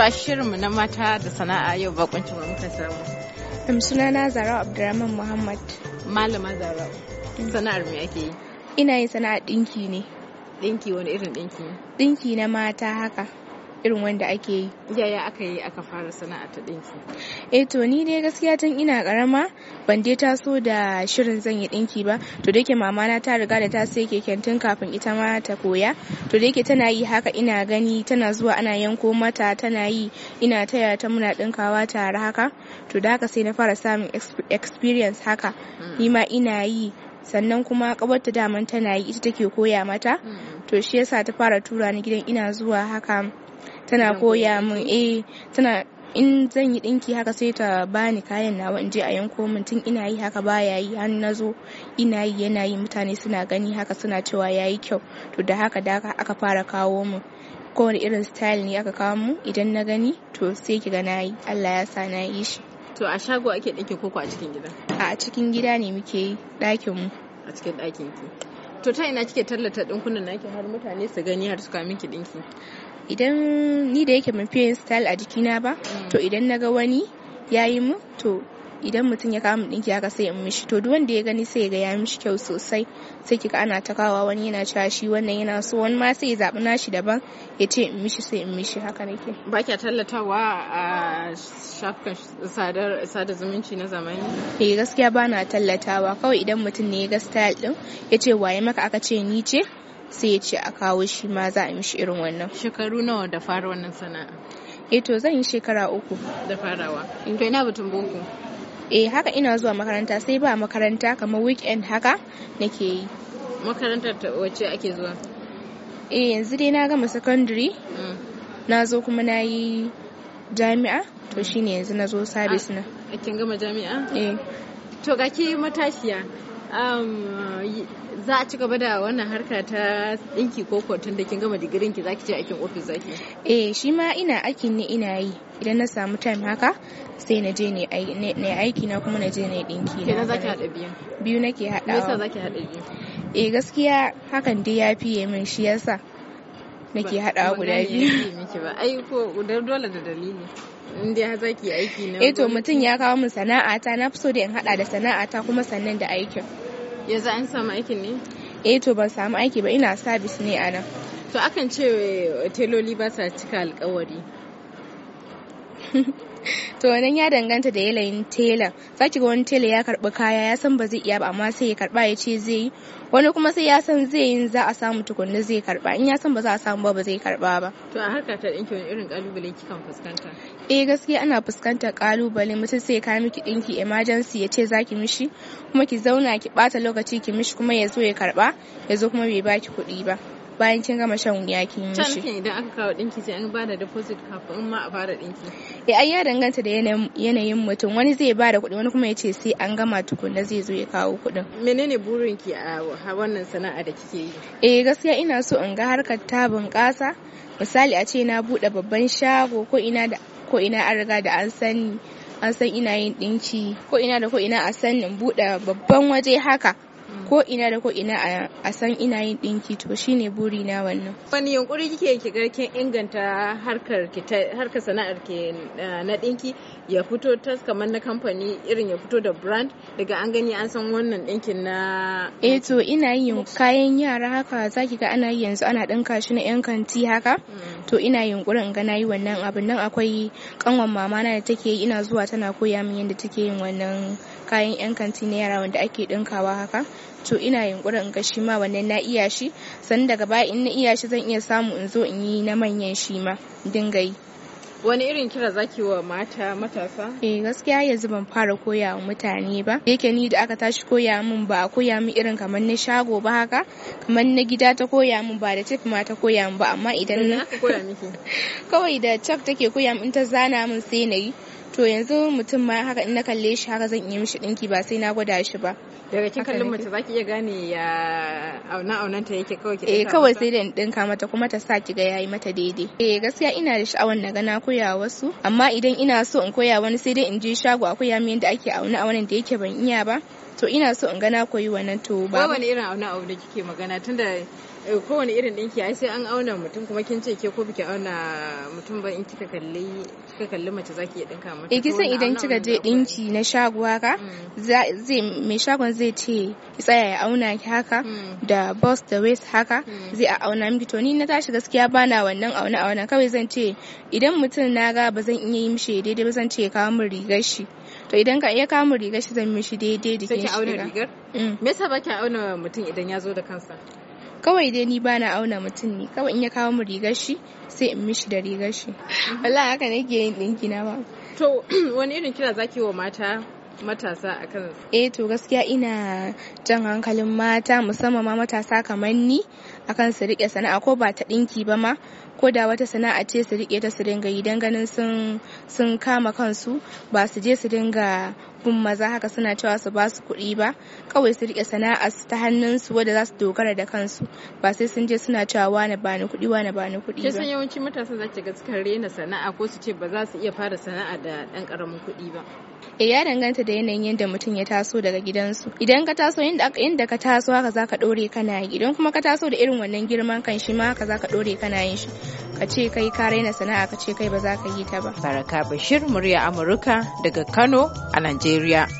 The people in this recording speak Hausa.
To a shirinmu na mata da sana'a yau bakuncin mu muka samu. Um, sunana Zara Abdurrahman Muhammad. Malama Zara. Sana'ar me ake yi? Ina yin sana'ar dinki ne. Dinki wani irin dinki? Dinki na mata haka. irin wanda ake yi yaya aka yi aka fara sana'a ta ɗinki eh to ni dai gaskiya tun ina karama ban dai taso da shirin zan yi ɗinki ba to da yake mama na ta riga da ta sai keken tun kafin ita ma ta koya to da yake tana yi haka ina gani tana zuwa ana yanko mata tana yi ina taya ta muna ɗinkawa tare haka to da haka sai na fara samun experience haka mm. ni ma ina yi sannan kuma kabarta daman tana yi ita take koya mata mm. to shi yasa ta fara tura ni gidan ina zuwa haka tana koya min eh tana in zan yi dinki haka sai ta bani kayan nawa in je a yanko min tun ina yi haka baya yi har na zo ina yi yana yi mutane suna gani haka suna cewa yayi kyau to da haka da aka fara kawo min kowane irin style ne aka kawo mu idan na gani to sai ki ga yi Allah ya sa na yi shi to a shago ake dinki koko a cikin gida a cikin gida ne muke yi ɗakin mu a cikin ɗakin ki to ta ina kike tallata dinkunan naki har mutane su gani har su miki dinki idan ni da yake ban fiye style a jikina ba mm. to idan naga wani yayi mu to idan mutum ya kawo ɗinki haka sai in mishi to duk wanda ya gani sai ga ya mishi kyau sosai sai kika ana ta wani yana cewa shi wannan yana so wani ma sai ya zaɓi nashi daban ya ce in mishi sai in mishi haka nake ba kya tallatawa a shafukan sada zumunci na zamani eh gaskiya ba na tallatawa kawai idan mutum ne ya ga style din ya ce waye maka aka ce ni ce sai ya ce a kawo shi ma za a mishi irin wannan shekaru nawa da fara wannan sana'a eh to zan yi shekara uku da farawa eh. to ina batun boko eh haka ina zuwa makaranta sai ba makaranta kamar weekend haka nake yi makarantar ta wace ake zuwa eh yanzu dai na gama secondary mm. na zo kuma na yi jami'a to mm. shine yanzu na zo service na kin gama jami'a eh to ga ke matashiya Um, za a ci gaba da wannan harka ta ɗinki ko tun da kin gama digirin ki zaki je aikin ofis zaki eh shi ma ina aikin ne ina yi idan na samu time haka sai na je ne aiki na kuma na je ne ɗinki na zaki haɗa biyu biyu nake haɗawa me yasa zaki haɗa biyu eh gaskiya hakan dai ya fiye min shi yasa nake haɗawa guda biyu Ba ai ko dole da dalili indai ya zaki aiki na eh to mutum ya kawo min sana'a ta na fi so da in hada da sana'a ta kuma sannan da aikin yanzu an samu aikin ne eh to ban samu aiki ba ina sabis ne a nan to akan ce eh, teloli ba sa cika alkawari to nan ya danganta da yanayin tela zaki ga wani tela ya karbi kaya ya san ba zai iya ba amma sai ya karba ya ce zai yi wani kuma sai ya san zai yi za a samu tukunna zai karba in ya san ba za a samu ba ba zai karba ba to a harka ta dinki wani irin kalubale kan fuskanta eh gaskiya ana fuskantar kalubale mutum sai ka miki dinki emergency ya ce zaki mishi kuma ki zauna ki bata lokaci ki mishi kuma ya zo ya karba ya zo kuma bai baki kuɗi ba bayan kin gama shan wuya kin yi shi. Can idan aka kawo dinki sai an ba da deposit kafin ma a fara dinki. Eh ai ya danganta da yanayin mutum wani zai ba da kuɗi wani kuma ya ce sai an gama tukunna zai zo ya kawo kuɗin. Menene burin ki a wannan sana'a da kike yi? Eh gaskiya ina so in ga harkar ta bunƙasa misali a ce na buɗe babban shago ko ina da ko ina an riga da an sani an san ina yin ɗinki ko ina da ko ina a sanin buɗe babban waje haka Mm. ko ina da ko ina a san ina yin dinki to shine buri na wannan wani yunkuri kike ki garkin inganta harkar ki harkar sana'ar ki eh, na dinki ya fito ta kamar na kamfani irin ya fito da brand daga an gani an san wannan dinkin na eh to ina yin kayan yara haka zaki ga ana yanzu ana dinka shi na yan kanti haka mm. to ina yunkurin ga nayi wannan abin nan akwai kanwan mama na da take ina zuwa tana koya min yadda take yin wannan kayan yan kanti na yara wanda ake dinkawa haka to ina yunkurin ga shi ma wannan na iya shi san daga baya in na iya shi zan iya samu in zo in yi na manyan shi ma dinga yi wani irin kira zaki wa mata matasa eh gaskiya yanzu ban fara koya wa mutane ba yake ni da aka tashi koya min ba a koya min irin kamar na shago ba haka kamar na gida ta koya min ba da cif ma ta koya min ba amma idan na koya miki kawai da chak take koya min ta zana min sai na yi to yanzu mutum ma haka in na kalle shi haka zan iya mishi dinki ba sai na gwada shi ba daga kin kallon mace zaki iya gane ya auna aunan ta yake kawai eh kawai sai da in dinka mata kuma ta sa ki ga yayi mata daidai eh gaskiya ina da sha'awar na ga na koya wasu amma idan ina so in koya wani sai dai in je shago a koya min yadda ake auna aunan da yake ban iya ba to ina so in ga na koyi wannan to ba wani irin auna abu da kike magana tunda eh, kowane irin dinki ai sai an auna mutum kuma kin ce ke ko biki auna mutum ba in kika kalli kika kalli mace zaki iya dinka mata eh kisan idan kika je dinki na shago haka mm. zai mai shagon zai ce ki tsaya ya auna ki haka mm. da boss da waist haka mm. zai a auna miki to ni na tashi gaskiya bana wannan auna auna kawai zan ce idan mutum na ga ba zan iya yi mishi daidai ba zan ce kawo min rigar shi to idan ka iya kamun rigar shi zan mishi daidai jikin shi sai auna rigar mm. me yasa baki auna mutum idan ya zo da kansa kawai dai ni ba na auna mutum ne kawai in ya kawo mu rigar shi sai in mishi da rigar shi mhm. wallahi haka nake yin dinki na ba to wani irin kira zaki wa mata matasa kan eh to gaskiya ina jan hankalin mata musamman ma matasa kamar ni akan su rike sana'a ko ba ta dinki ba ma ko da wata sana'a ce su rike ta su dinga yi ganin sun kama kansu ba su je su dinga bin maza haka suna cewa su ba su kuɗi ba kawai su rike sana'a ta hannunsu wadda za su dogara da kansu ba sai sun je suna cewa wani ba ni kuɗi wani ba ni kuɗi ba. san yawanci matasa za ki ga suka rena sana'a ko su ce ba za su iya fara sana'a da ɗan ƙaramin kuɗi ba. E ya danganta da yanayin yadda mutum ya taso daga gidansu. Idan ka taso inda ka taso haka za ka ɗore kana yi idan kuma ka taso da irin wannan girman kan shi ma haka za ka ɗore kana yin shi. ka ce kai ka raina sana'a ka ce kai ba za ka yi ta ba. Baraka Bashir murya Amurka daga Kano a Najeriya.